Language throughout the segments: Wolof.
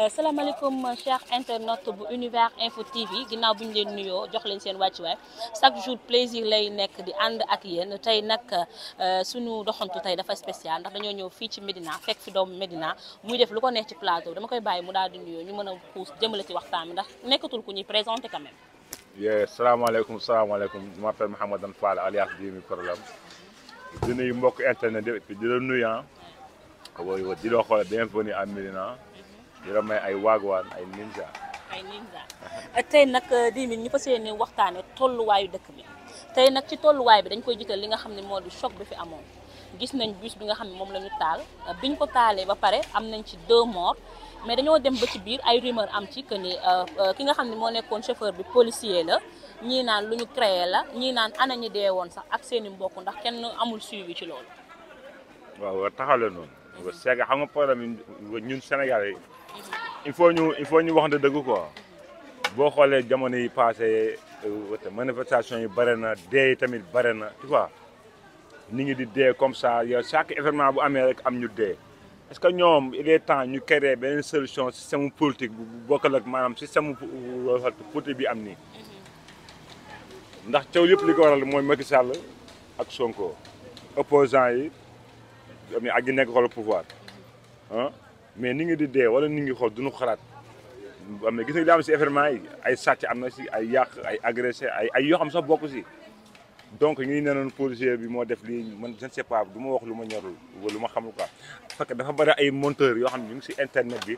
Euh, salaamaaleykum euh, cher internaute bu univers info TV ginnaaw bu ñu leen nuyoo jox leen seen wàccuwaay chaque jour plaisir lay nekk di ànd ak yéen tey nag euh, suñu doxantu tey dafa spécial ndax dañoo ñëw fii ci Médina fekk fi doomu Médina muy def lu ko neex ci plateau dama koy bàyyi mu daal di nuyoo ñu mën a xuus jëmale ci waxtaan bi ndax nekkatul ku ñuy présenté quand même. yee salaamaaleykum salaamaaleykum je m'appelle Mouhamadou Fall alias Jimmy Problème di nuyu mbokk internet di la nuyu ah. di la wax bienvenue à di la may ay waagwaan ay ninja ay ninja eh, tey nag eh, di mi ñu fas yéene waxtaane tolluwaayu dëkk bi tey nag ci tolluwaay bi dañ koy jiital li nga xam ne moo di choc bi fi amoon gis nañ bus bi nga xam ne moom la ñu taal eh, biñ ko taalee ba pare am nañ ci deux morts mais dañoo dem ba ci biir ay rumeur am ci que ni ki nga xam ne moo nekkoon chauffeur bi policier la ñii naan lu ñu créé la ñii naan ana ñi dee woon sax ak seen mbokk ndax kenn amul suivi ci loolu. waaw taxale noonu. parce que xam nga problème ñun Sénégal yi il faut ñu il faut ñu waxante dëgg quoi boo xoolee jamono yi passé euh, manifestation yi bare na dee yi tamit bare na tu vois nit ñi di dee comme ça yow chaque événement bu amee rek am ñu dee parce que ñoom il est temps ñu créer benn solution système politique bu bokkal ak maanaam système politique bi am nii ndax coow yëpp li ko waral mooy Macky Sall ak Sonko opposant yi ak ñi nekk xool pouvoir mais ni ngi di dee wala ni ngi xool duñu xalaat am na gis nga daam si événement yi ay sàcc am na si ay yàq ay agressé ay yoo xam sax bokk si donc ñuy ne noonu policier bi moo def lii man je ne sais pas du ma wax lu ma ñorul wala lu ma xamul quoi parce que dafa bari ay monteur yoo xam ne ñu ngi si internet bi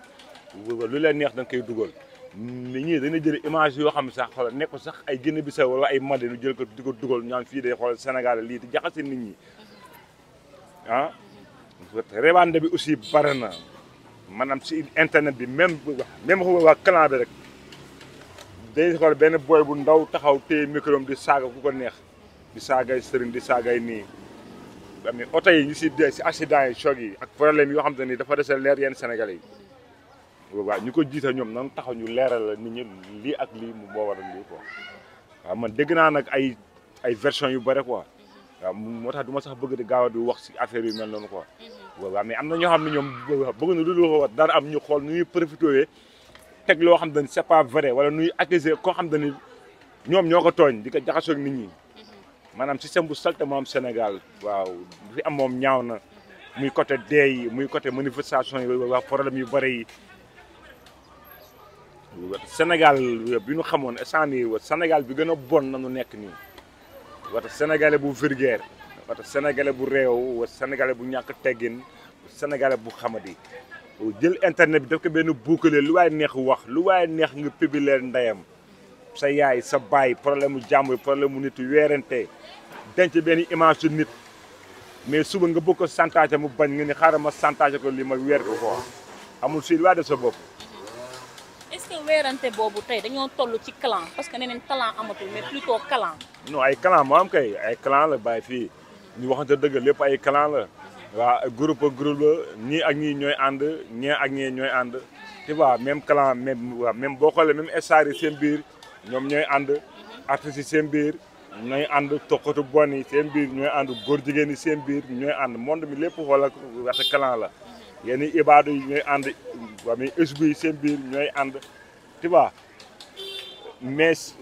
lu leen neex danga koy dugal nit ñi dañuy jël image yoo xam sax xoolal nekkul sax ay bi Bissau wala ay Mali ñu jël ko di ko dugal ñu fii day xoolal Sénégal lii di jaxase nit ñi ah bi aussi bare na maanaam ci internet bi même même waa clan bi rek day xool benn boy bu ndaw taxaw téye micro di saaga ku ko neex di saagay sëriñ di saagay nii. am ni oto yi ñu si dee si accident yi choc yi ak problème yoo xam te ni dafa dese leer yenn Sénégalais yi waaw ñu ko jiite ñoom nan taxaw ñu leeral la nit ñi lii ak lii moo waral lii quoi waaw man dëgg naa nag ay ay version yu bare quoi waaw moo tax du ma sax bëgg di gaaw di wax si affaire yu mel noonu ko waaw mais am na ñoo xam ne ñoom bëgg na lu wax dara am ñu xool nu ñuy profité teg loo xam dañ c'est pas vrai wala nuy accuser koo xam dañuy ñoom ñoo ko tooñ di ko jaxasoo ak nit ñi mhm. maanaam système bu salte moo am Sénégal waaw fi am moom ñaaw na muy côté dee yi muy côté manifestation yi waa problème yu bëri yi Sénégal bi ñu xamoon instant nii Sénégal bi gën a bon na nu nekk nii wata Sénégalais bu vulgaire parce que bu réew wa sénégalais bu ñàkk teggin sénégalais bu xamadi jël internet bi daf ko benn boucler lu waaye neex wax lu waaye neex nga publier ndeyam sa yaay sa baay problème mu jàmm problème mu nit weerante denc benn image su nit mais suba nga bëgg ko chantage mu bañ nga ni xaaral ma chantage ko li ma weer ko ko amul si waa de sa bopp. est weerante boobu tey dañoo toll ci clan parce que neneen talent amatul mais plutôt clan. clan ñu waxante dëgg lépp ay clan la waa groupe ak la ñii ak ñii ñooy ànd ñee ak ñee ñooy ànd tu vois même clan même waaw même boo xoolee même star yi seen biir ñoom ñooy ànd artistes yi seen biir ñooy ànd tokkatu bon yi seen biir ñooy ànd góor jigéen yi seen biir ñooy ànd monde mi lépp xool ak waxi clan la yenn ibaadu yi ñooy ànd waa mais usbu ñooy ànd tu mais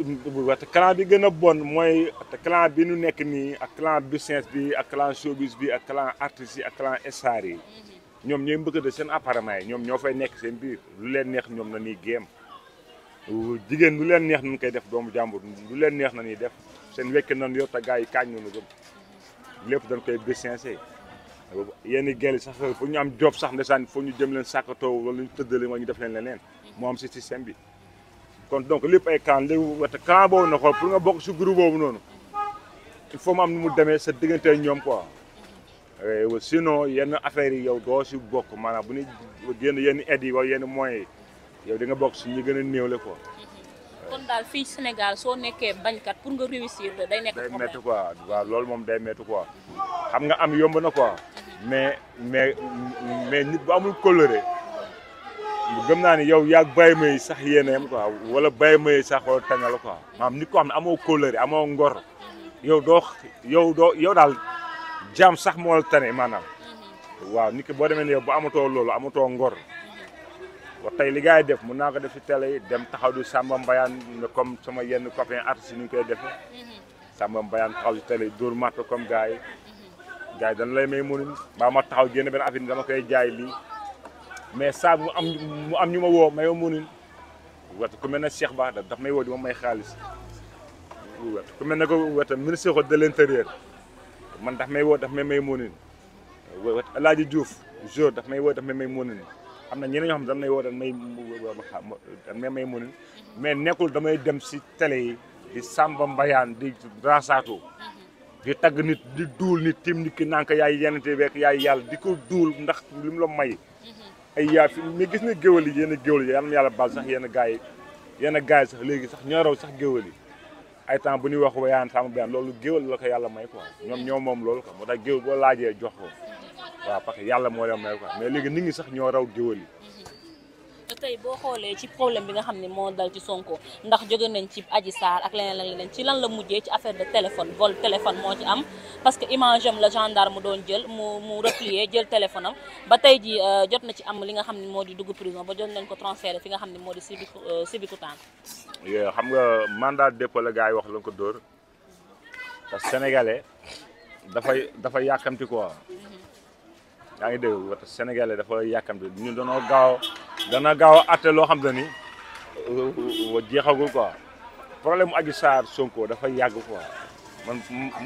te clan bi gën a bon mooy te clan bi nu nekk nii ak clan business bi ak clan showbiz bi ak clan artistes yi ak clan star yi mhm. ñoom ñooy bëgg de seen apparement yi ñoom ñoo fay nekk seen biir lu leen neex ñoom na ñuy géem jigéen lu leen neex nañ koy def doomu jàmbur lu leen neex na ñuy def seen wekk nañ yor te gars yi kaañ nañu ko mhm. lépp dañ koy business yenn gel yi sax fu ñu am job sax ndesaan foo ñu jëm leen sàkkatoo wala ñu tëddale wala ñu def leen leneen mhm. moo am si système bi kon donc lépp ay camp wata camp boobu na xool pour nga bokk si groupe boobu noonu il faut mu am nu mu demee sa diggante ñoom ko eh, sinon yenn affaires yi yow doo si bokk maanaam bu ñu génn yenn aides yi wala yenn moyens yow di nga bokk si ñi gën a néewle quoi. Mm-hmm. kon daal fii Sénégal soo nekkee bañkat pour nga réussir day nekk day métti quoi waaw loolu moom day métti ko xam nga am yomb na quoi mm-hmm. mais mais mais nit bu amul coloré gëm naa ni yow yaag bàyyi may sax yéeneem quoi wala bàyyi may sax wala tàngal quoi maanaam nit ko xam ne amoo kóllëre amoo ngor yow doo yow doo yow daal jaam sax moo la tane maanaam waaw nit boo demee ne yow bu amatoo loolu amatoo ngor wax tey li gars yi def mën naa ko def ci télé yi dem taxaw di Samba Mbayaan ne comme sama yenn copain artiste ni ñu koy defee Samba Mbayaan taxaw ci télé yi dóor matt kom gars yi gars yi dañu lay may mënuñ ma taxaw génn benn affaire dama koy jaay mais saa am mu am ñu ma woo mayoo mënuñ wet ku mel ne Cheikh Ba daf may woo di ma may xaalis wet ku mel ne ko wet ministre de man daf may woo daf may may mënuñ wet El jour daf may woo daf may may mënuñ am na ñeneen ñoo xam ne dañ may woo dañ may dañ may may mënuñ mais nekkul damay dem si télé yi di Samba Mbayaan di rasaatu di tagg nit di duul nit tim nit ki nank yaay yenente beek yaay yàlla di ko duul ndax li mu la may ay yaaf mais gis na géwal yi yenn géwal yi yal na yàlla baal sax yenn gaay yenn gars yi sax léegi sax ñoo raw sax géwal yi ay temps bu ñuy wax wayaan sama benn loolu géwal la ko yàlla may quoi ñoom ñoo moom loolu quoi moo tax géwal boo laajee jox ko waa parce que yàlla moo leen may quoi mais léegi nit ñi sax ñoo raw géwal yi tey boo xoolee ci problème bi nga xam ne moo dal ci Sonko ndax jóge nañ ci Adji Sarr ak leneen leneen ci lan la mujjee ci affaire de téléphone vol téléphone moo ci am parce que image am la gendarme mu doon jël mu mu replier jël téléphone ba tey ji euh, jot na ci am li nga xam ni moo di dugg prison ba jot nañ ko transféré fi nga xam ne moo di Sibicou euh, Sébikotane. xam nga mandat de dépôt la gars yi wax la ko dóor parce que sénégalais dafay dafa yàkkamti quoi. Mm-hmm. yaa dana gaaw a atte loo xam ne ni jeexagul quoi problème mu Adji Sonko dafa yàgg quoi man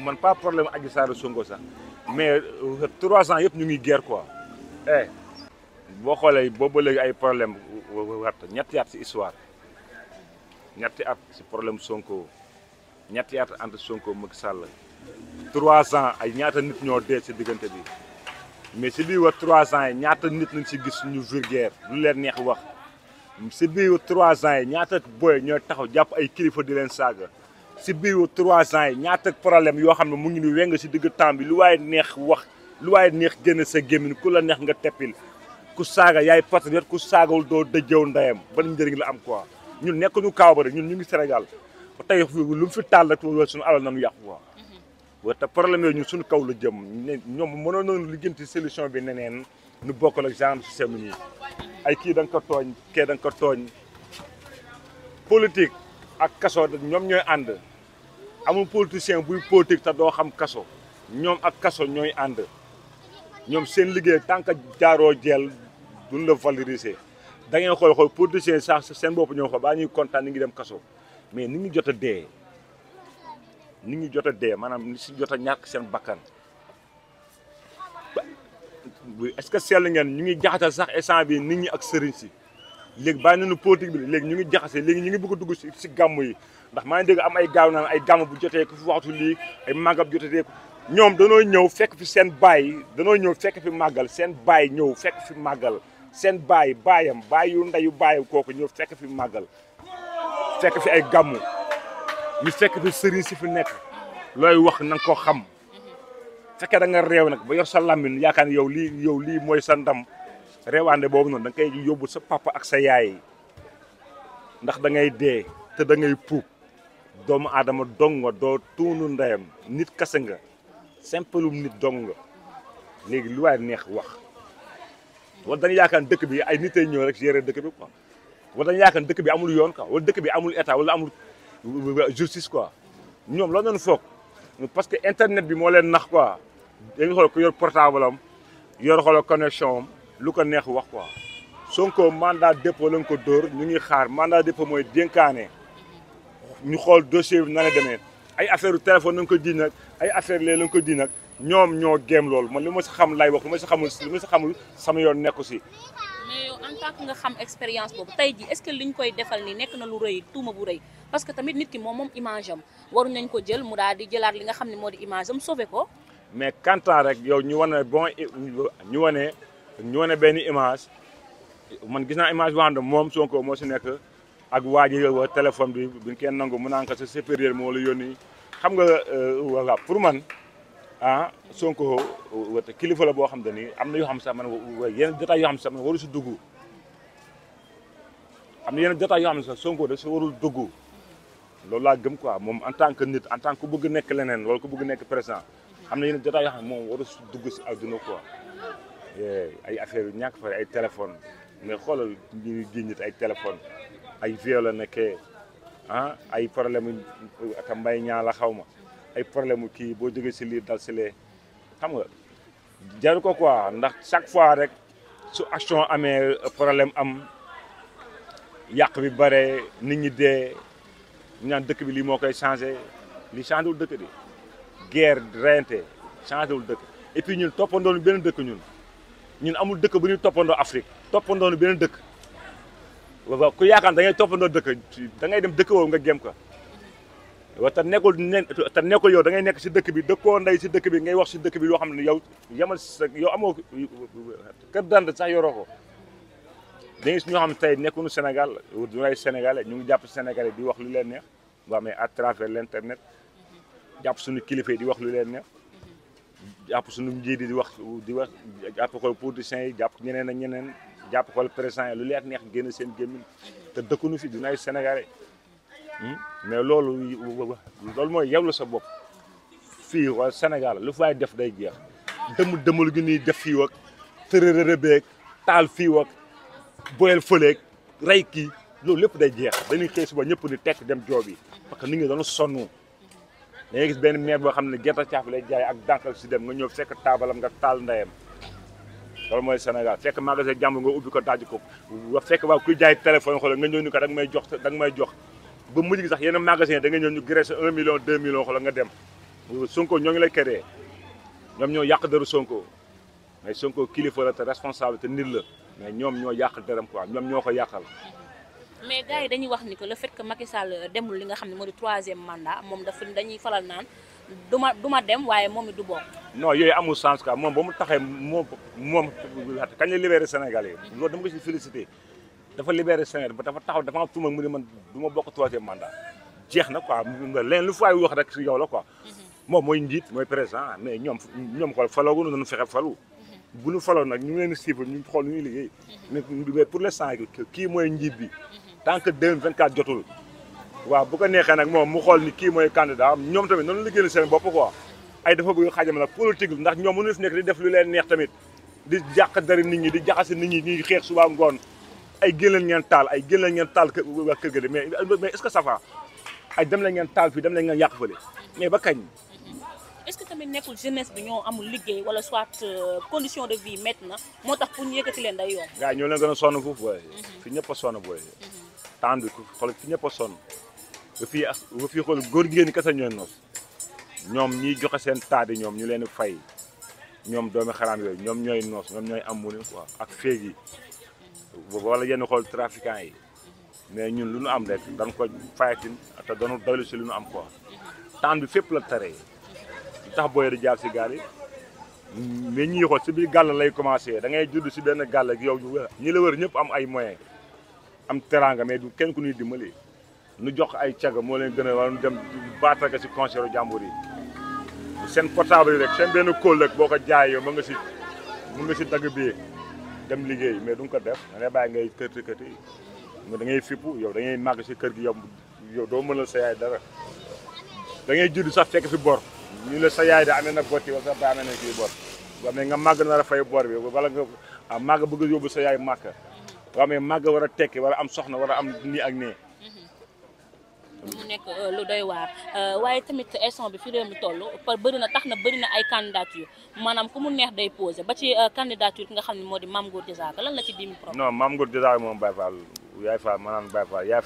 man pas problème Adji Sarr Sonko sax mais euh, trois ans yëpp ñu ngi guerre quoi eh boo xoolee boobu léegi ay problème wart ñetti at si histoire ñetti at si problème Sonko ñetti at entre Sonko Macky Sall trois ans ay ñaata nit ñoo dee si diggante bi mais si biir wa trois ans yi ñaata nit nañ si gis ñu vulgaire lu leen neex wax si biir trois ans yi ñaata boy ñooy taxaw jàpp ay kilifa di leen saaga si biir trois ans yi ñaata problème yoo xam ne mu ngi ni weng si digg temps bi lu waaye neex wax lu waaye neex génn sa gémmiñ ku la neex nga teppil ku saaga yaay patriote ku saagawul doo dëjëw ndeyam ban njëriñ la am ñu nekk ñu kaaw ba rek ñun ñu ngi Sénégal ba lu mu fi taal rek suñu alal yàqu quoi waaw te problème yooyu ñun suñu kaw la jëm ne ñoom mënoon nañu lijjanti solution bi neneen nu bokk ak genre système yi ay kii da nga ko tooñ kee da nga ko tooñ politique ak kaso ñoom ñooy ànd amul politicien buy politique te doo xam kaso ñoom ak kaso ñooy ànd ñoom seen liggéey tant que jaaroo jeel duñ la valoriser da ngeen xooy xool politicien sax seen bopp ñoo ko baa ñuy kontaan ni ngi dem kaso mais ni ngi jot a dee ni ñu jot a dee maanaam ni si jot a ñàkk seen bakkan est-ce que seetlu ngeen ñu ngi jaxasal sax instant bi nit ñi ak sëriñ si léegi bàyyi nañu politique bi léegi ñu ngi jaxasee léegi ñu ngi bëgg a dugg si si gàmm yi ndax maa ngi dégg am ay gaaw naan ay gàmm bu jotee ku fi waxtu lii ay màggab jotee ko ñoom danoo ñëw fekk fi seen baay danoo ñëw fekk fi màggal seen baay ñëw fekk fi màggal seen baay baayam baay yu ndeyu baayam kooku ñëw fekk fi màggal fekk fi ay gàmmu ñu fekk fi sëriñ si fi nekk looy wax na nga ko xam fekkee da nga réew nag ba yor sa làmmiñ yaakaar yow lii yow lii mooy sa ndam réewaande boobu noonu danga kay yóbbu sa papa ak sa yaay ndax da ngay dee te da ngay puub doomu aadama dong nga doo tuunu ndeyam nit kase nga simple nit dong léegi lu waay neex wax wala dañu yaakaar dëkk bi ay nit ay ñëw rek gérer dëkk bi quoi wala dañu yaakaar dëkk bi amul yoon quoi wala dëkk bi amul état wala amul justice quoi ñoom la doon foog parce que internet bi moo leen nax quoi dañu xool ku yor portable am yor xoolal connexion am lu ko neex wax quoi. Sonko mandat dépôt lañ ko dóor ñu ngi xaar mandat depo mooy dénkaane ñu xool dossier bi na ay demee ay affaire téléphone lañ ko di nag ay affaire lee lañ ko di ñoom ñoo géem loolu man li ma si xam lay wax li ma si xamul li ma xamul sama yoon nekku si. mais en tant que nga xam expérience boobu tey ji est-ce que li liñ koy defal ni nekk na lu rëy tuuma bu rëy parce que tamit nit ki moom moom image am waru nañ ko jël mu daal di jëlaat li nga xam ne moo di image am ko mais kantaa rek yow ñu wane bon ñu wane ñu wane benn image man gis naa image boo xam ne moom Sonko moo si nekk ak waa ji wa téléphone bi buñ kenn nangu mu naan ko sa supérieur moo la yónni xam nga euh, voilà pour man ah Sonko wërte kilifa la boo xam te ni am na yoo xam sax man yenn détails yoo xam sax man waru si dugg am na yenn détails yoo xam ne sax Sonko da si warul dugg loolu laa gëm quoi moom en tant que nit en tant que bëgg nekk leneen loolu ko bëgg nekk président am na yenn détails yoo xam ne moom waru si dugg si àdduna quoi eh, ay affaire yu ñàkk fa ay téléphone mais xoolal ñu ngi nit ay téléphone ay viol la nekkee ah ay problème tam mbay ñaa la xaw ma ay problème mu kii boo jógee si lii dal si lee xam nga jaru ko ko ndax chaque fois rek su action amee problème am yàq bi bare nit ñi dee ñu dëkk bi lii moo koy changé li changé wul dëkk di guerre reyante changé wul dëkk et puis ñun toppandoonu benn dëkk ñun ñun amul dëkk bu ñuy toppandoo Afrique toppandoonu benn dëkk waaw ku yaakaar da ngay toppandoo dëkk da ngay dem dëkk woowu nga gém ko wa te nekkul ne te nekkul yow nekk si dëkk bi dëkkoo ndey si dëkk bi ngay wax si dëkk bi yoo xam ne yow yamal sa yow amoo kër dand sax yoroo ko da ngay ñoo xam ne tey nekkuñu Sénégal du ay sénégalais ñu ngi jàpp sénégalais di wax lu leen neex waa mais à travers l' internet jàpp suñu kilifa yi di wax lu leen neex jàpp suñu njiit yi di wax di wax jàpp ko politiciens yi jàpp ñeneen ak ñeneen jàpp ko président lu leen neex génn seen gémmiñ te dëkkuñu fi du ay sénégalais. Hmm? mais loolu loolu mooy yewlu sa bopp fii wala Sénégal lu faay def day jeex dëmm dëmmal gi ñuy def fii wak tërërëbeeg taal fii wak boyal fëleeg rey kii loolu lépp day jeex dañuy xëy suba ñëpp di tekk dem joob yi parce que nit ñi dañu sonn da ngay gis benn maire boo xam ne gerte caaf lay jaay ak dànqal si dem nga ñëw fekk taabalam nga taal ndeyam loolu mooy Sénégal fekk magasin jàmbur nga ubbi ko daaj ko wa fekk waa kuy jaay téléphone xoolal nga ñëw ni ko da nga jox da may jox ba mujj gi sax yenn magasin da nga ñëw ñu graissé un million deux million xoolal nga dem Sonko ñoo ngi lay créé ñoom ñoo yàq dëru Sonko mais Sonko kilifa la te responsable te nit la mais ñoom ñoo yàq dëram quoi ñoom ñoo ko yàqal. mais gars dañuy wax ni que la fait que Macky Sall demul li nga xam ne moo di troisième mandat moom dafa dañuy falal naan du ma du ma dem waaye moom du bokk. non yooyu amul sens quoi moom ba mu taxee moom moom kañ la libéré Sénégal yi. loolu dama ko dafa libéré Sénégal ba dafa taxaw dafa am tuuma mu man du ma bokk troisième mandat jeex na quoi leen lu faay wax rek yow la quoi mhm. moom mooy njiit mooy président mais ñoom ñoom xool faloogu nu doon fexe falu mhm. bu ñu faloon nag ñu ngi leen di suivre ñu xool nu ñuy liggéey mhm. mais pour kii mooy njiit bi tant que 2024 jotul waaw bu ko neexee nag moom mu xool ni kii mooy candidat am ñoom tamit noonu liggéeyal seen bopp quoi ay dafa bëgg xajam nag politique ndax ñoom mënu fi nekk di def lu leen neex tamit di jàq dari nit ñi di jaxase nit ñi ñi xeex suba ngoon ay gën leen ngeen taal ay gën leen ngeen taal kër waa kër mais est ce que ça ay dem leen ngeen taal fii dem leen ngeen yàq fële mais ba kañ. Mm-hmm. est ce que tamit nekkul amul liggéey wala soit euh, condition de vie métti na moo tax pour ñu yëkkati leen day yomb. gars yi ñoo leen gën a sonn foofu booy. Mm-hmm. fi ñëpp a sonn booy. Mm-hmm. a sonn ba fii as xool góor ngeen kese ñooy noos ñoom ñiy joxe seen taadi ñoom ñu leen fay ñoom doomi xaraam yooyu ñoom ñooy noos ñoom ñooy am mu ne ak féeg yi wala yenn xool trafiquant yi mais ñun lu ñu am rek dañ ko fayatin te dañu doylu si lu ñu am ko temps bi fépp la taree li tax booy di jaar si gaal yi mais ñuy xool si biir gàll lay commencé dangay ngay si benn gàll ak yow ñi la wër ñëpp am ay moyens am teraanga mais du kenn ku ñuy dimbali nu jox ay caga moo leen gën a war baat baataga si concert jàmbur yi seen portable yi rek seen benn kóol rek boo ko jaay yow mën nga si dagg bi dem liggéey mais du nga ko def da ngay bàyyi ngay kërti kërti nga da ngay fippu yow da ngay màgg si kër gi yow yow doo mënal sa yaay dara da ngay judd sax fekk fi bor ñu la sa yaay da amee na gotti wala sa ba amee na kii bor waa mais nga màgg nar a fay bor bi wala nga ah màgg bëgg a yóbbu sa yaay màkk waa mais màgg war a tekki war am soxna war a am nii ak nii mu nekk euh, lu doy waar euh, waaye tamit instant bi fi réew mi toll bëri na tax na bëri ay candidature maanaam ku mu neex day posé ba ci euh, candidature ki nga xam ne moo di Mame Goor Diazaka lan la ci dimi moom Baye Fall Yaay Fall maanaam Baye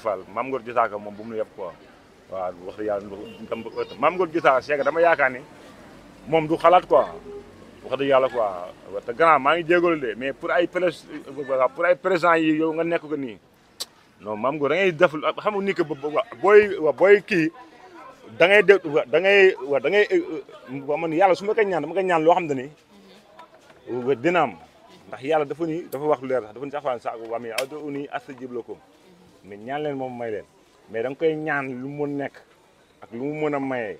moom bu mu yëpp quoi waaw wax dëgg yàlla Mame Goor Diazaka Cheikh dama yaakaar ni moom du xalaat quoi wax yàlla quoi te maa ngi jégalu mais pour ay prés pour yi yow nga nekk ko nii non maam Ngor da ngay def xam nga ni que booy booy kii da ngay de da ngay da ngay euh, man yàlla su ma koy ñaan dama koy ñaan loo xam ne ni dina am ndax yàlla dafa ni dafa wax lu leer sax dafa ni sax waan saako waa mi ud'uunii astajib lakum mais ñaan leen moom may leen mais da koy ñaan lu mu mën nekk ak lu mu mën a maye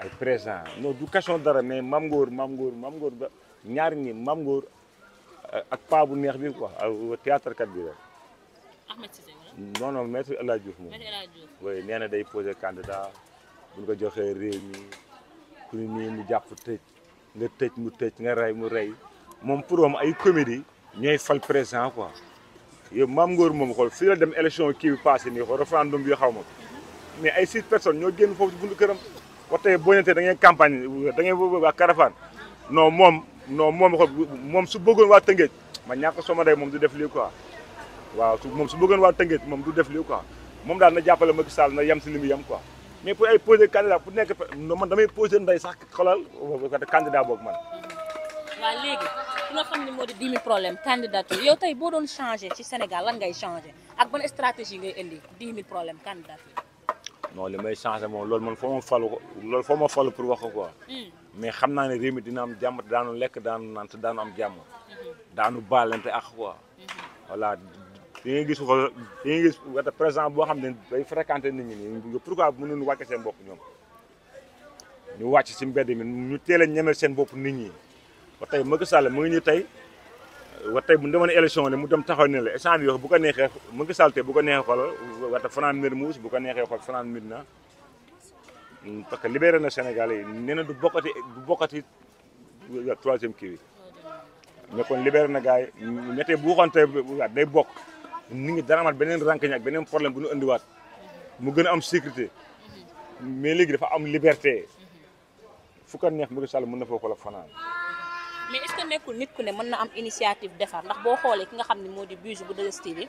ay présent non du question dara mais maam Ngor maam Ngor maam Ngor ba ñaar ñi maam Ngor euh, ak bu neex bi ko théâtre kat bi la Ahmed Cissé wala. non non maître moom. maître El nee na day posé candidat bu ñu ko joxee réew mi ku mu jàpp tëj nga tëj mu tëj nga rey mu rey moom pour om ay comédie ñooy fal président quoi yow maam Ngor moom xool fii la dem élection kii bi passé nii xool référendum bi xaw ma mais ay six personnes ñoo génn foofu ci buntu këram wax boo ñettee da ngeen campagne da ngeen waa caravane non moom non moom xool moom su bëggoon waa Tëngéej ma ñàkk soma day moom du def lii quoi. waaw su moom su bëggoon waa Tëngéej moom du def lii quoi moom daal na jàppale Macky Sall na yem si li mu yem quoi mais pour ay poser candidat pour nekk man damay poser ndey sax xolal candidat boobu man. waaw léegi ki xam ne moo di 10 000 problème candidature yow tey boo doon changé ci Sénégal lan ngay changé ak ban stratégie ngay indi di 000 problème candidature. non li may changé moom loolu man foo ma falu ko loolu foo ma falu pour wax ko quoi. Hmm. mais xam naa ne réew mi dina am jàmm daanu lekk daanu naan te am jàmm. Hmm. daanu baalante ak quoi. Hmm. di nga gis xool di nga présent boo xam ne day fréquenté nit ñi nii pourquoi mënuñu wàcc seen bopp ñoom ñu wàcc si mbedd mi ñu teel a seen bopp nit ñi ba tey Macky Sall mu ngi ñu tey wa tey bu demoon élection ne mu dem taxaw ne la échange yoo bu ko neexee Macky Sall te bu ko neexee xool wata Franck Mermoz bu ko neexee xool Franck parce que libéré na Sénégalais yi nee du bokkati du bokkati troisième kii bi mais kon libéré na gars yi ñettee bu waxoon tey day bokk nit ñi dana amaat beneen rànkañ ak beneen problème bu ñu indiwaat mu gën a am sécurité mais léegi dafa am liberté fu ko neex Macky Sall mën na foo ko la fanaan mais est-ce que nekkul nit ku ne mën na am initiative defar ndax boo xoolee ki nga xam ne moo di Bijou bu 2STV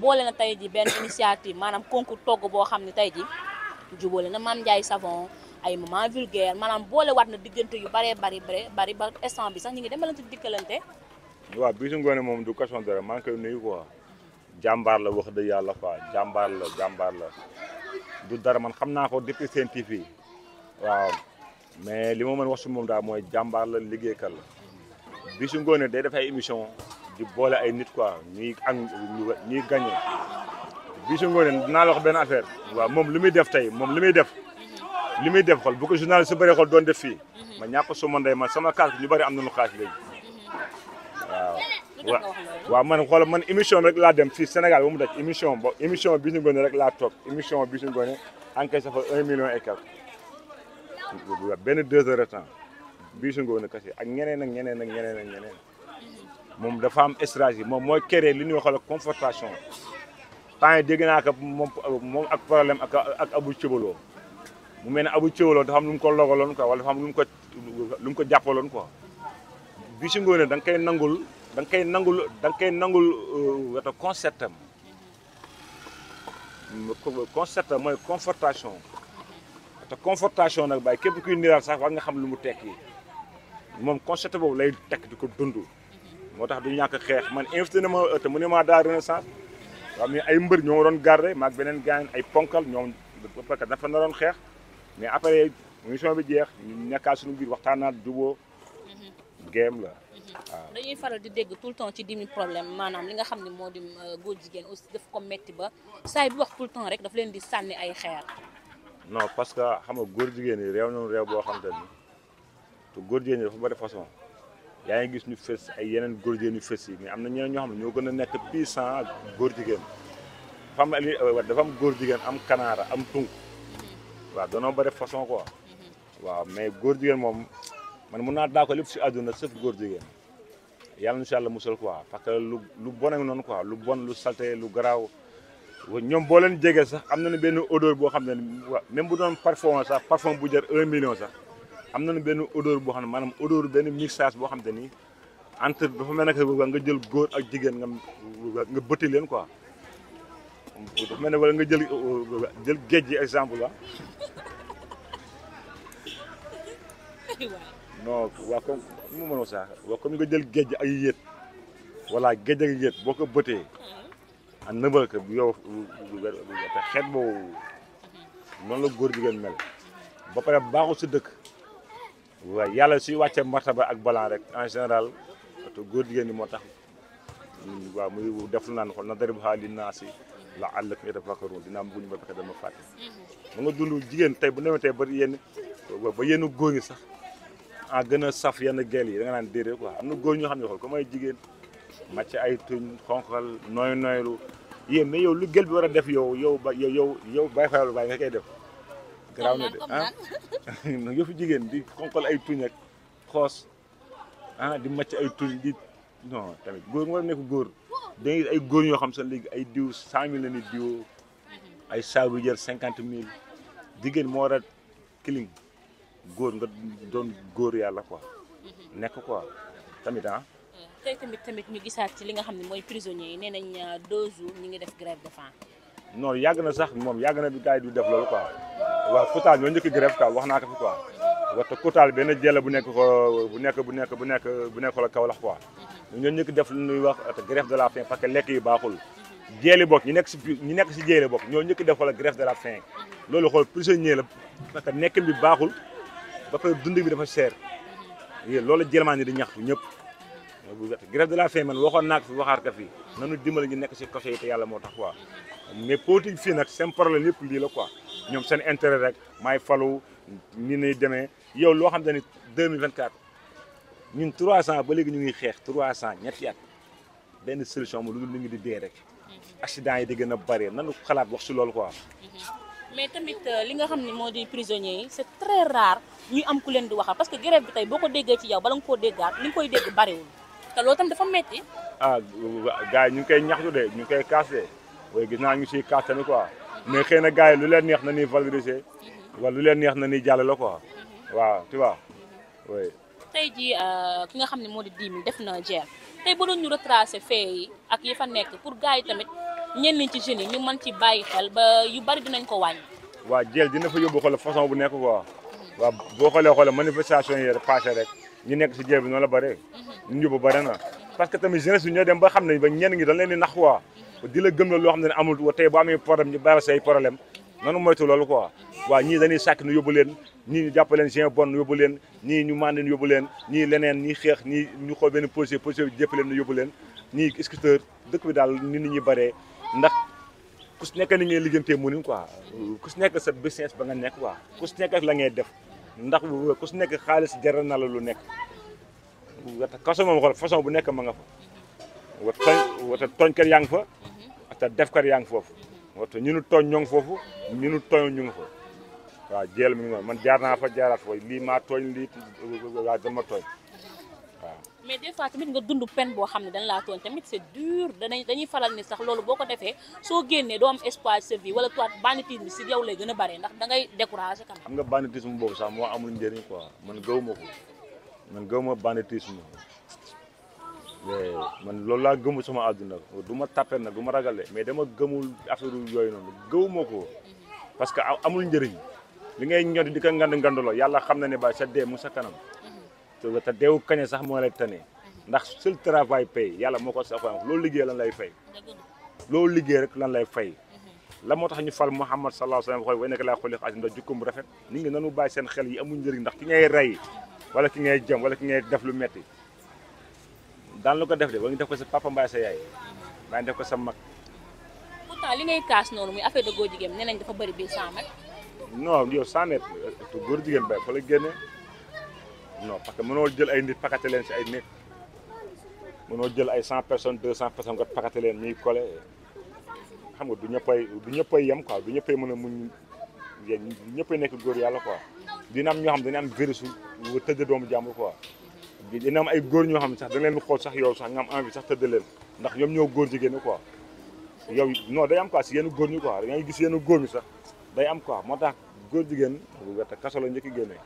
boole na tey ji benn initiative maanaam concours togg boo xam ne tey ji jubóole na Mame Ndiaye Savon ay moment vulgaire maanaam boole waat na diggante yu bëree bari bari ba instant bi sax ñu ngi demalante dikkalante waaw Bijou Ngoné moom du question dara maa ngi koy nuyu quoi jàmbaar la wax dëgg yàlla quoi jàmbaar la jàmbaar la du dara man xam naa ko depuis Sen TV yi waaw mais li ma mën wax si moom daal mooy jàmbaar la liggéeykat la bi su ngoonee day def ay émission di boole ay nit quoi ñuy ak ñuy gagné bi su ngoonee dinaa la benn affaire waaw moom li muy def tey moom li muy def li muy def xool bu ko journaliste su bëree xool doon def fii ma ñàkk su ma ndey ma sama carte ñu bëri am na nañu xaaj léegi waaw man xoolal man émission bi rek laa dem fii Sénégal ba mu daj émission bo émission bi suñu gone rek laa toog émission bi suñu gone encaissé fa un million et quelque benn deux heures de temps bii suñu gone kese ak ñeneen ak ñeneen ak ñeneen ak ñeneen moom dafa am stratégie moom mooy créer li ñuy wax la confrontation temps yi dégg naa ko moom moom ak problème ak ak Abou Thiobolo mu mel ne Abou Thiobolo dafa am lu mu ko logaloon wala dafa am lu mu ko lu mu ko jàppaloon quoi bii suñu gone da nga koy danga nga koy nangul da nga koy nangul euh, weta concertam concertam mooy confortation te confortation nag bàyyi képp kuy niral sax war nga xam lu mu tekki moom concerté boobu lay tekk di ko dund moo tax du ñàkk xeex man invité na ma te mu ne maa daal renaissance waaw mais ay mbër ñoo roon garde maag beneen gaañ ay ponkal ñoom parce que dafa naroon xeex mais après émission bi jeex ñu nekkaat suñu biir waxtaan naat mm-hmm. game la mm-hmm. dañuy faral di dégg tout le temps ci dimi problème maanaam li nga xam ne moo di euh, góor jigéen aussi daf ko metti ba saay bi wax tout le temps rek dafa leen di sànni ay xeer. non parce que xam nga góor jigéen yi réew nañu réew boo ni te góor jigéen yi dafa bari façon yaa ngi gis ñu fës ay yeneen góor jigéen yu fës am na ñeneen ñoo gën a nekk puissant ak góor jigéen dafa am euh, am góor jigéen am kanaara am tunk mm-hmm. waaw danoo bari façon quoi mm-hmm. waaw mais góor jigéen moom man mun naa daa ko lépp si àdduna sëf góor jigéen. yàlla na si yàlla musal quoi parce que lu lu bon ak noonu quoi lu bon lu salté lu garaaw ñoom boo leen jegee sax am na nañu benn odeur boo xam ne même bu doon parfum sax parfum bu jar un million sax am nañu benn odeur boo xam ne maanaam odeur benn mixage boo xam ne nii entre dafa mel ne nga jël góor ak jigéen nga nga bëtti leen quoi dafa mel ne wala nga jël jël géej gi exemple ah. la. non waa comme nu ma mënoo sax waa comme nga jël géej ak yéet voilà géej ak yéet boo ko bëtee a nëbal ko yow xeet boobu noonu la góor jigéen mel ba pare baaxul si dëkk waaw yàlla suy wàccee martaba ak balan rek en général te góor jigéen ñi moo tax waaw muy def lu naan xool nadribuhaa linnaasi la'allahum yatafakkaruun dinaa bëgg ñu ba fexe dama fàtte. mu nga dund jigéen tey bu nawetee ba yenn ba yenn góor ñi sax. a gën a saf yenn gel yi da nga naan déedéet quoi am na góor ñoo xam ne xool comme ay jigéen màcc ay tuñ xonqal nooy nooylu yéen mais yow lu gel bi war a def yow yow ba yow yow bàyyi fa yàlla bàyyi nga koy def. garaaw na de ah yëfu jigéen di xonqal ay tuñ ak xoos ah di màcc ay tuñ di non tamit góor nga war a nekk góor dangay ay góor ñoo xam sax léegi ay diw saa mille la ni diw ay saabu yu cinquante mille jigéen moo war a kiling góor nga doon góor yàlla quoi. Mm-hmm. nekk quoi tamit ah. tey tamit tamit ñu gisaat ci li nga xam ne mooy prisonniers yi nee nañ ah, def grève de yàgg na sax moom yàgg na gars yi du def loolu quoi. waaw Koutal ñoo njëkk grève quoi wax naa ko fi quoi. Mm-hmm. waxta benn jëla bu nekk ko bu nekk bu nekk bu nekk bu nekk la Kaolack quoi. Mm-hmm. ñoo njëkk def lu ñuy wax grève de la faim parce que lekk yi baaxul. jéeli bokk ñu nekk si ñu nekk si jéeli bokk ñoo njëkk def ko la grève de la faim. loolu xool prisonnier la parce que nekkin baaxul. ba pare dund bi dafa cher loolu jëlmaan ni di ñaxtu ñëpp grève de la faim man waxoon naa ko fi waxaat ko fi nanu dimbali ñu nekk si côté yi te yàlla moo tax quoi mais politique fii nag seen problème yëpp lii la ko ñoom seen intérêt rek maay falu ni nay demee yow loo xam te ni 2024 ñun 300 ba léegi ñu ngi xeex 300 ñetti at benn solution mu lu dul ñu ngi di dee rek accident yi di gën a bare nanu xalaat wax si loolu quoi mais tamit euh, li nga xam ne moo di prisonniers yi c'est très rare ñuy am ku leen di waxal parce que grève bi tey boo ko déggee ci yow bala nga koo déggaat li nga koy dégg bariwul te loolu dafa metti ah ñu ngi koy ñaxtu de ñu ngi koy kaas naa ñu siy kaas tamit quoi xëy na gars yi lu leen neex na ni valoriser wala lu leen neex na ni jàll la ko waaw tu vois oui. tey jii euh, ki nga xam ne moo di 10 000 def na jeer tey ba doon ñu retracer fee yi ak yi fa nekk pour gars yi tamit. ñenn ci jeunes ñu mën ci bàyyi xel ba yu bari dinañ ko wàññi. waa jël dina fa yóbbu xool façon bu nekk quoi. waaw boo xoolee xoolee manifestation yi passé rek ñu nekk si jël bi noonu la bare mhm. ñu yóbbu bare na parce que tamit jeunesse bi ñoo dem ba xam ne ba ñenn ngi dañ leen di nax quoi mhm. di loo xam ne amul tey bu amee problème ñu bàyyi say problème nanu moytu loolu quoi sàkk nu yóbbu leen ñii ñu jàppaleen gen bon yóbbu leen ñii ñu màndeen yóbbu leen ñii leneen ñii xeex ñii ñu xool benn policier policier bi jëpp leen nu yóbbu leen ñii scooter dëkk bi daal nit ñi ñuy baree ndax ku si nekk ni ngay liggéeyantee mënuñ quoi ku si nekk sa business ba nga nekk quoi ku si nekk ak la ngay def ndax ku si nekk xaalis jaral na la lu nekk wata kaso moom xool façon bu nekk ma nga fa wat toñ wata tooñkat yaa ngi fa wata defkat yaa ngi foofu wata ñu nu tooñ ñoo foofu ñu nu tooñ ñu ngi fa waaw jéel mi ngi noonu man jaar naa fa jaaraat fa lii maa tooñ lii waaw tooñ mais des fois tamit nga dund peine boo xam ne dañ laa tooñ tamit c'est dur danañ dañuy faral ni sax loolu boo ko defee soo génnee doo am espoir sa vie wala toi banditisme si yow lay gën a bare ndax da ngay découragé quand même xam nga banditisme boobu sax moo amul njëriñ quoi man ma ko man gaw ma banditisme man loolu laa gëmul sama àdduna du ma tapé nag du ma ragale mais dama gëmul affaire yooyu noonu gëw ma ko parce que amul njëriñ li ngay ñoddi di ko ngand ngandaloo yàlla xam na ne ba sa sa kanam te deewu kañe sax moo lay tane ndax seul travail paye yàlla moo ko safa loolu liggéey lan lay fay loolu liggéey rek lan lay fay la moo tax ñu fal Muhammad sallallahu alayhi wa sallam nekk laa xooli xaalis ndax jukkum rafet nit ñi nanu bàyyi seen xel yi amuñ njëriñ ndax ki ngay rey wala ki ngay jëm wala ki ngay def lu metti daan la ko def de wala ñu def ko sa papa mbaa sa yaay mbaa ñu def ko sa mag pourtant li ngay kaas noonu muy affaire de góor jigéen nee nañ la génne non parce que mënoo jël ay nit pakate leen si ay nit mënoo jël ay cent personnes deux cent personnes nga pakate leen ñuy collé xam nga du ñëppay du ñëppay yem quoi du ñëppay mën a muñ yéen ñëppay nekk góor yàlla quoi dina am ñoo xam dina am virus wu tëdd doomu jàmbur quoi dina am ay góor ñoo xam ne da leen xool sax yow sax nga am envie sax tëdd leen ndax ñoom ñoo góor jigéen quoi yow non day am quoi si yenn góor ñu quoi da gis yenn góor ñi sax day am quoi moo tax góor jigéen bu wette kaso la njëkk génne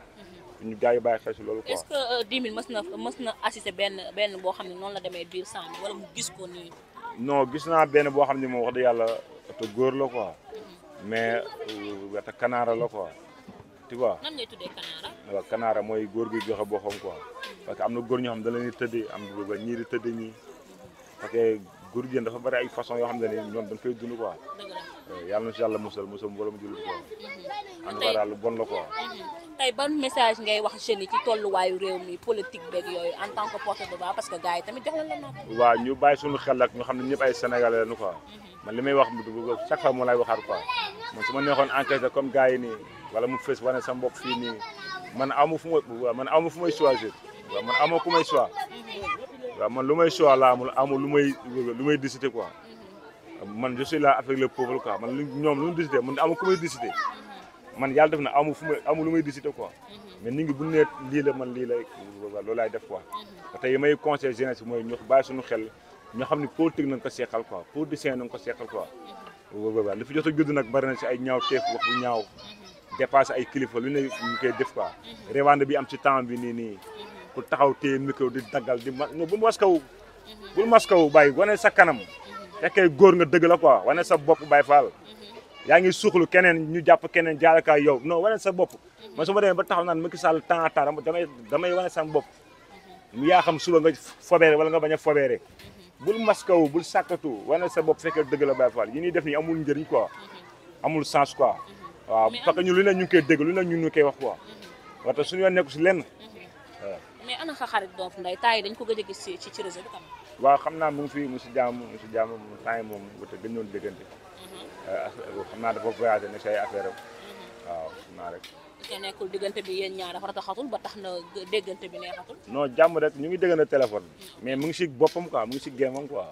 ñu gars baa bàyyi si loolu quoi. est-ce que euh, mës na mës na assister benn benn boo xam ne noonu la demee biir sànni wala mu gis ko nii. non gis naa benn boo xam ne moom wax dëgg yàlla te góor la quoi. Mhm. mais euh, weta kanaara la quoi. tu vois nan ngay tuddee kanaara. waaw kanaara mooy góor gi joxe boppam quoi. parce que am na góor ñoo xam da leen tëddee am na ñii di tëddee ñii. góor jigéen dafa bari ay façon yoo xam ne ni ñoom dañ koy dund quoi eh, yàlla na si yàlla mu wala mu jullit quoi mhm. en tout cas lu bon la quoi mhm. tey ban message ngay wax jeunes yi ci tolluwaayu réew mi politique beeg yooyu en tant que porte de voix parce que gars yi tamit jox la la nopp ne ñëpp ay sénégalais mhm. su ma neexoon enquête comme gars yi nii wala mu fës wane sa mbokk fii nii man amu fu ma man amu fu may choisir waaw man amoo ku may choix waaw man lu may choix la amul amul lu may lu may décider quoi man je suis là avec le peuple quoi man ñoom lu ñu décider man amul ku may décider man yàlla def na amul fu may amul lu may décider quoi mais nit bu ñu nee lii la man lii la loolu laay def quoi te tey yi may conseil jeunesse bi mooy ñu bàyyi suñu xel ñoo xam ne politique na ko seqal quoi politicien nañ ko seqal quoi waaw li fi jot a nag bari na si ay ñaaw teef wax bu ñaaw dépassé ay kilifa lu ne ñu def quoi rewande bi am ci temps bi nii nii ku taxaw téye micro di daggal di ma bul maskawu bul maskawu wane sa kanam fekkee góor nga dëgg la quoi wane sa bopp Baye Fall yaa ngi suuxlu keneen ñu jàpp keneen jaarale ka yow no wane sa bopp man sa ma demee ba taxaw naan Macky Sall temps à temps damay damay wane sama bopp yaa xam suba nga fobeere wala nga bañ a fobeere bul maskawu bul sàkkatu wane sa bopp fekkee dëgg la Baye Fall yi ñuy def nii amul njëriñ quoi amul sens quoi waaw parce que ñu lu ne ñu ngi koy lu wax quoi mais ana sa xarit Dof Ndeye temps yi dañ ko gëj a gis ci ci ci réseau waaw xam naa mu ngi fii mu si jàmm mu si jàmm mu temps moom wute gën doon déggante. Mhm. Euh, xam naa dafa voyagé a si ay affaire am. Mhm. waaw xam nekkul diggante bi yéen ñaar dafa rataxatul ba tax na déggante bi neexatul. noo jàmm rek ñu ngi déggante téléphone. Mhm. mais mu ngi si boppam quoi mu ngi si géemam quoi.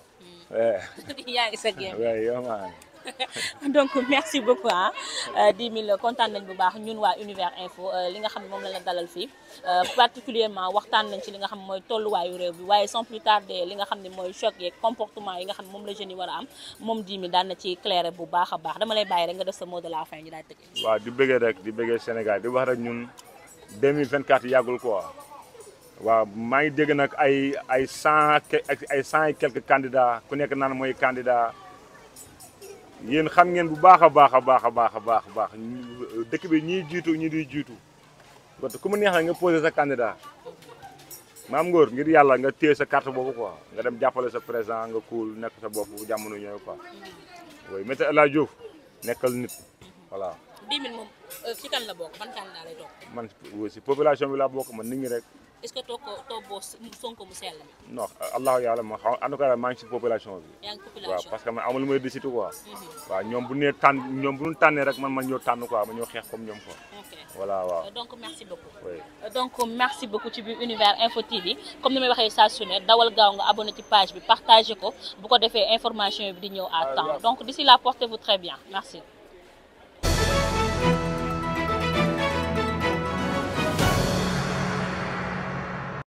yaa ngi sa géem. donc merci beaucoup ah 10 000 kontaan nañ bu baax ñun waa univers info euh, li nga xam ne moom la la dalal fii euh, particulièrement waxtaan nañ ci li nga xam ne mooy tolluwaayu réew bi waaye sans plus tarder li nga xam ne mooy choc yeeg comportement yi nga xam ne moom la jeunes yi war a am moom 10 000 daan na ci clair bu baax a baax dama lay bàyyi rek nga def sa mot de la fin ñu daal tëj. waaw di bëggee rek di bëggee Sénégal di wax rek ñun yàggul quoi waaw maa ngi dégg nag ay ay cent ay cent et quelques ku nekk naan mooy candidat. yéen xam ngeen bu baax a baax a baax a baax a baax a baax dëkk bi ñiy jiitu ñi di jiitu ba ku mu neex na nga posé sa candidat maam Ngor ngir yàlla nga téye sa carte boobu quoi nga dem jàppale sa président nga kuul nekk sa bopp jamono ñëw ko oui météo El Hadj nekkal nit voilà. 10 000 moom si euh, kan la si population bi laa bokk man nit ñi rek. est-ce que toog ko toogoo Sonko mu sell mi. non allahu yàlla ma xam en tout ci population bi. yaa parce que man amul lu may desitu quoi. Mhm. waaw ñoom bu ne nee rek man ma ñoo tànn quoi ma ñoo xeex comme ñoom ko voilà waaw euh, donc merci beaucoup. Oui. Euh, ci biir Univers Info TV comme ni may waxee saa su ne dawal gaaw nga abonné ci page bi partagé ko bu ko defee information bi di ñëw à ah, temps donc d'ici la portez-vous très bien merci.